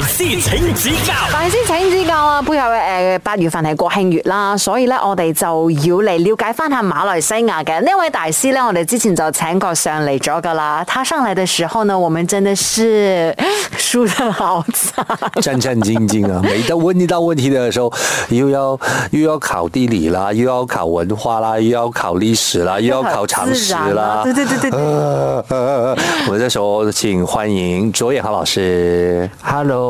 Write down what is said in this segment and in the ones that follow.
大師請指教，大師請指教啊！背後誒，八月份係國慶月啦，所以咧，我哋就要嚟了解翻下馬來西亞嘅。呢位大師咧，我哋之前就請過上嚟咗㗎啦。他上嚟嘅時候呢，我們真的是輸得好慘，戰戰兢兢啊！每到問到問題嘅時候，又要又要考地理啦，又要考文化啦，又要考歷史啦，又要考，考常識啦、啊。對對對對、啊啊啊啊、我哋時候請歡迎卓衍豪老師。Hello。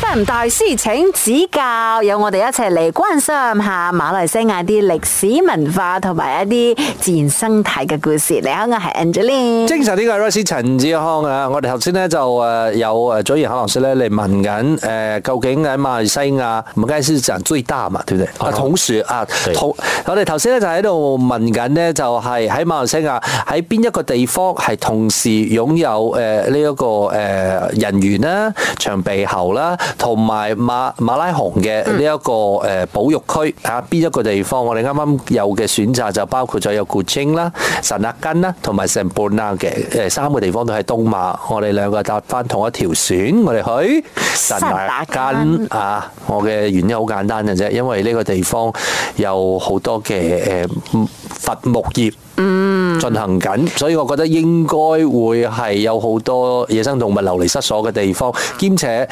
阿大師，請指教，由我哋一齊嚟關心一下馬來西亞啲歷史文化同埋一啲自然生態嘅故事。你好，我係 Angeline。精神呢個係 Royce 陳志康啊。我哋頭先咧就誒、呃、有誒卓衍豪老師咧嚟問緊誒、呃，究竟喺馬來西亞，唔該，樹人最大嘛，對唔對？Uh huh. 啊，同樹對啊，同我哋頭先咧就喺度問緊呢，就係喺馬來西亞喺邊一個地方係同時擁有誒呢一個誒、呃、人猿啦、啊、長鼻猴啦。同埋馬，馬來熊嘅呢一個誒保育區嚇，邊、嗯啊、一個地方？我哋啱啱有嘅選擇就包括咗有古晉啦、嗯、山打根啦，同埋成半拉嘅三個地方都係東馬。我哋兩個搭翻同一條船，我哋去山打根啊！我嘅原因好簡單嘅啫，因為呢個地方有好多嘅、呃、佛伐木業。嗯。進行緊，所以我覺得應該會係有好多野生動物流離失所嘅地方，兼且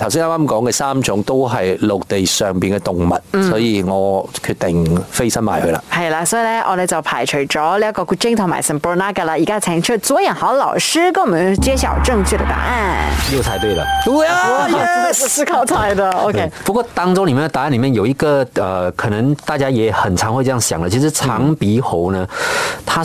頭先啱啱講嘅三種都係陸地上邊嘅動物，嗯、所以我決定飛身埋去啦。係啦、嗯，所以咧我哋就排除咗呢一個 Kuching 同埋 Semporna 啦。而家請出卓衍豪老師，跟我們揭曉正確的答案。又猜對了，哇、啊！原來是思考猜的。 OK、嗯、不過當中裡面的答案裡面有一個、呃、可能大家也很常會這樣想嘅，其實長鼻猴呢，嗯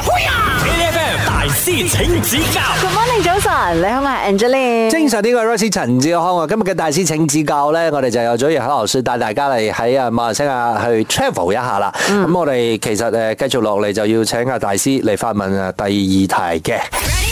師大師請指教。Good morning，早晨，你好，我係 Angeline。清晨呢個 Royce 陳志康，啊。今日嘅大師請指教咧，我哋就有咗卓老師帶大家嚟喺啊馬來西亞去 travel 一下啦。咁、嗯、我哋其實誒繼續落嚟就要請阿大師嚟發問誒第二題嘅。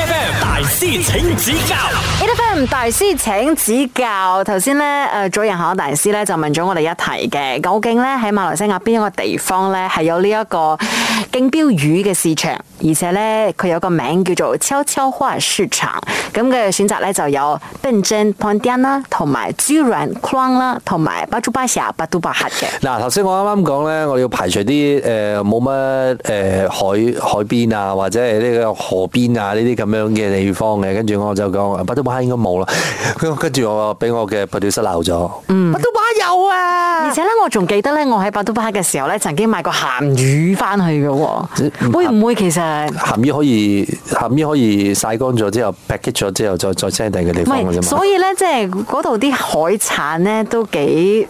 先請指教，itam 大師請指教。頭先咧，誒，卓衍豪大師咧就問咗我哋一題嘅，究竟咧喺馬來西亞邊一個地方咧係有呢一個競標魚嘅市場，而且咧佢有個名叫做悄悄花市場 h 咁嘅選擇咧就有 Benjin Pontian 啦，同埋 Guan Kuang 啦，同埋巴珠巴石巴都巴黑嘅。嗱，頭先我啱啱講咧，我要排除啲誒冇乜誒海海邊啊，或者係呢個河邊啊呢啲咁樣嘅地方嘅，跟住我就講百多巴克應該冇啦。跟住我俾我嘅皮袋鬧咗。嗯，百多巴克有啊。而且咧，我仲記得咧，我喺百多巴克嘅時候咧，曾經買過鹹魚翻去嘅喎。咦會唔會其實鹹魚可以，鹹魚可以曬乾咗之後 pack 咗之後再，再車第二個地方是嗎所以咧，即係嗰度啲海產咧都幾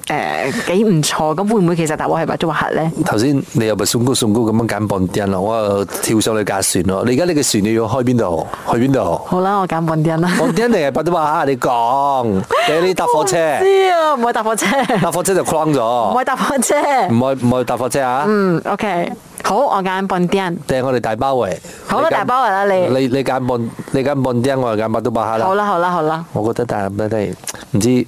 唔錯。咁、呃、會唔會其實答案係百多巴克咧？頭先你又咪送高送高咁樣揀半釘，我跳上去架船咯。你而家你個船，你要開邊度？去邊度？好啦，我揀半天啦。半天定係 Batu Pahat，你講。你搭火車。知啊，唔會搭火車。搭火車就框咗。唔會搭火車。唔會唔會搭火車啊？嗯，OK，好，我揀半天。定係我哋大包圍。好啦，大包圍啦你。你你揀半，你揀半天，我嚟揀 Batu Pahat 啦。好啦好啦好啦。我覺得但係唔知。